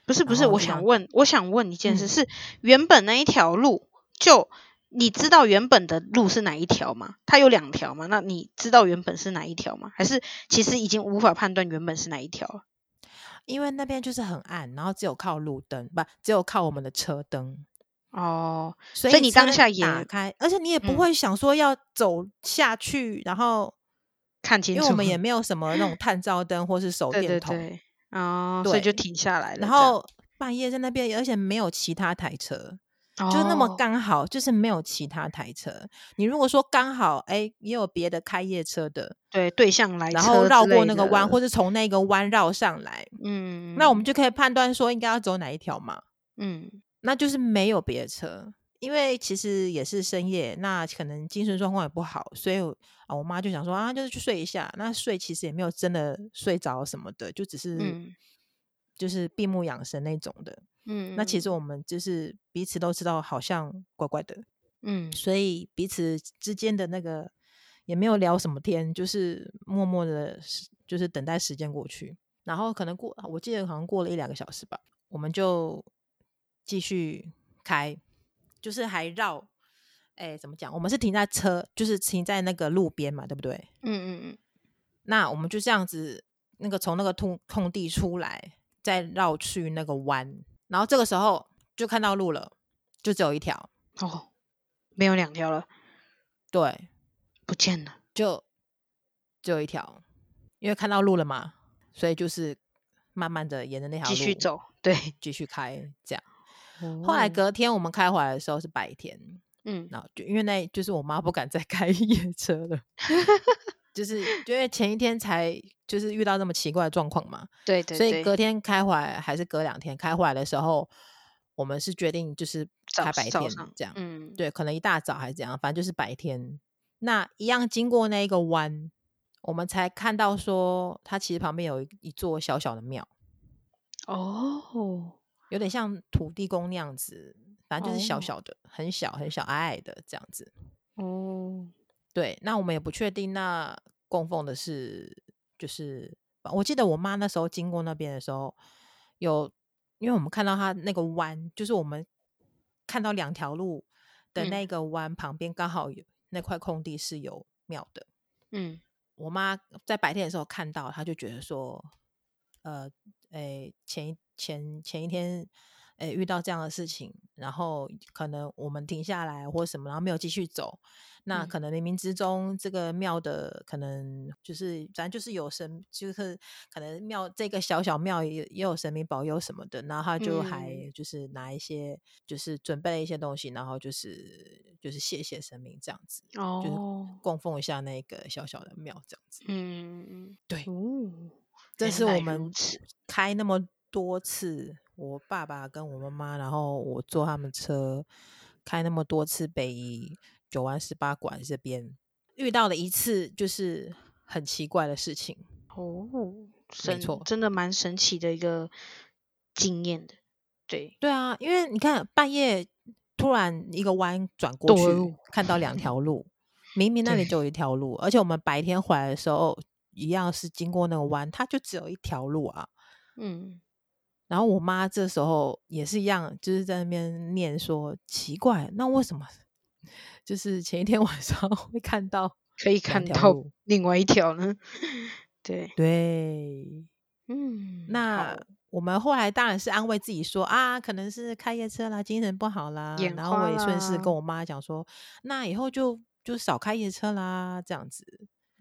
不是不是，我，我想問，我想問一件事，嗯、是原本那一條路，就你知道原本的路是哪一條嗎？它有兩條嗎？那你知道原本是哪一條嗎？還是其實已經無法判斷原本是哪一條？因為那邊就是很暗，然後只有靠路燈，不，只有靠我們的車燈。哦，所以你當下也打開，而且你也不會想說要走下去，然後看清楚，因為我們也沒有什麼那種探照燈或是手電筒。對對對。哦，所以就停下來了。然後半夜在那邊，而且沒有其他台車，就那麼剛好，就是沒有其他台車。你如果說剛好哎，也有別的開夜車的對，對向來車，然後繞過那個彎，或是從那個彎繞上來，嗯，那我們就可以判斷說應該要走哪一條嘛，嗯。那就是沒有別的車，因為其實也是深夜，那可能精神狀況也不好，所以我啊，我媽就想說啊，就是去睡一下。那睡其實也沒有真的睡着什麼的，就只是、嗯、就是閉目養神那種的。嗯，那其實我們就是彼此都知道，好像怪怪的。嗯，所以彼此之間的那個也沒有聊什麼天，就是默默的，就是等待時間過去。然後可能過，我記得好像過了一兩個小時吧，我們就。繼續開，就是還繞，哎，怎麼講？我們是停在車，就是停在那個路邊嘛，對不對？嗯嗯嗯。那我們就這樣子，那個從那個空空地出來，再繞去那個彎，然後這個時候就看到路了，就只有一條哦，沒有兩條了，對，不見了，就只有一條，因為看到路了嘛，所以就是慢慢的沿着那條路繼續走，對，繼續開這樣。後來隔天我們開回來的時候是白天，嗯，然後就因為那就是我媽不敢再開夜車了， 就是就因為前一天才就是遇到那麼奇怪的狀況嘛，對，對對，所以隔天開回來還是隔兩天開回來的時候，我們是決定就是開白天這樣，嗯，對，可能一大早還是怎樣，反正就是白天。那一樣經過那個彎，我們才看到說它其實旁邊有一座小小的廟，哦。有點像土地公那樣子，反正就是小小的，哦、很小很小矮矮的這樣子。哦，對，那我們也不確定那供奉的是，就是我記得我媽那時候經過那邊的時候，有因為我們看到她那個彎，就是我們看到兩條路的那個彎旁邊，剛好有那塊空地是有廟的。嗯，我媽在白天的時候看到，她就覺得說，呃，哎、欸，前一。前前一天，哎、欸，遇到這樣的事情，然後可能我們停下來或什麼，然後沒有繼續走。那可能冥冥之中，嗯、這個廟的可能就是，反正就是有神，就是可能廟這個小小廟也也有神明保佑什麼的。然後他就還就是拿一些，嗯、就是拿一些就是準備了一些東西，然後就是就是謝謝神明這樣子，哦、就是供奉一下那個小小的廟這樣子。嗯，對，哦、這是我們開那麼。多次，我爸爸跟我媽媽，然後我坐他們車，開那麼多次北宜九彎十八拐這邊，遇到了一次就是很奇怪的事情哦，錯真的蠻神奇的一個經驗的，對對啊，因為你看半夜突然一個彎轉過去，對看到兩條路， 明明那裡就有一條路，對而且我們白天回來的時候，哦，一樣是經過那個彎，它就只有一條路啊，嗯。然後我媽這時候也是一樣，就是在那邊念說：“奇怪，那為什麼就是前一天晚上會看到，可以看到另外一條呢？”對對，嗯。那好我們後來當然是安慰自己說：“啊，可能是開夜車啦，精神不好啦。啦”然後我也順勢跟我媽講說：“那以後就就少開夜車啦，這樣子。”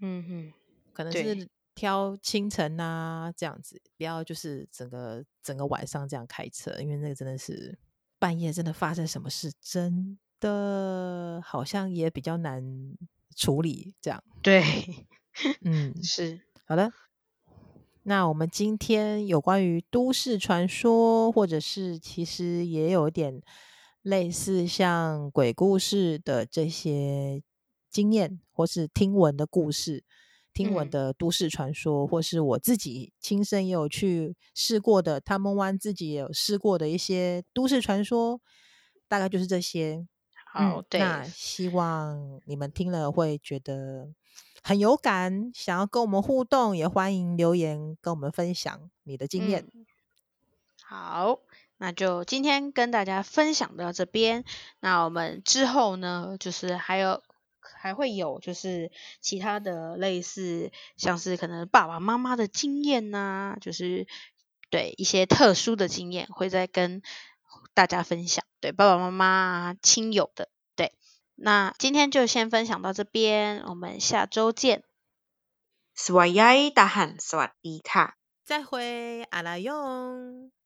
嗯哼，可能是。挑清晨啊，這樣子不要就是整個整個晚上這樣開車，因為那個真的是半夜，真的發生什麼事，真的好像也比較難處理。這樣對，嗯，是好的。那我們今天有關於都市傳說，或者是其實也有點類似像鬼故事的這些經驗，或是聽聞的故事。聽聞的都市傳說，嗯、或是我自己親身也有去試過的，他們玩自己也有試過的一些都市傳說，大概就是這些。好，嗯、對那希望你們聽了會覺得很有感，想要跟我們互動，也歡迎留言跟我們分享你的經驗、嗯。好，那就今天跟大家分享到這邊。那我們之後呢，就是還有。還會有就是其他的類似，像是可能爸爸媽媽的經驗吶、啊，就是對一些特殊的經驗會再跟大家分享。對爸爸媽媽、親友的，對，那今天就先分享到這邊，我們下周見。sway a 斯瓦雅伊達罕，斯瓦迪卡，再會阿拉勇。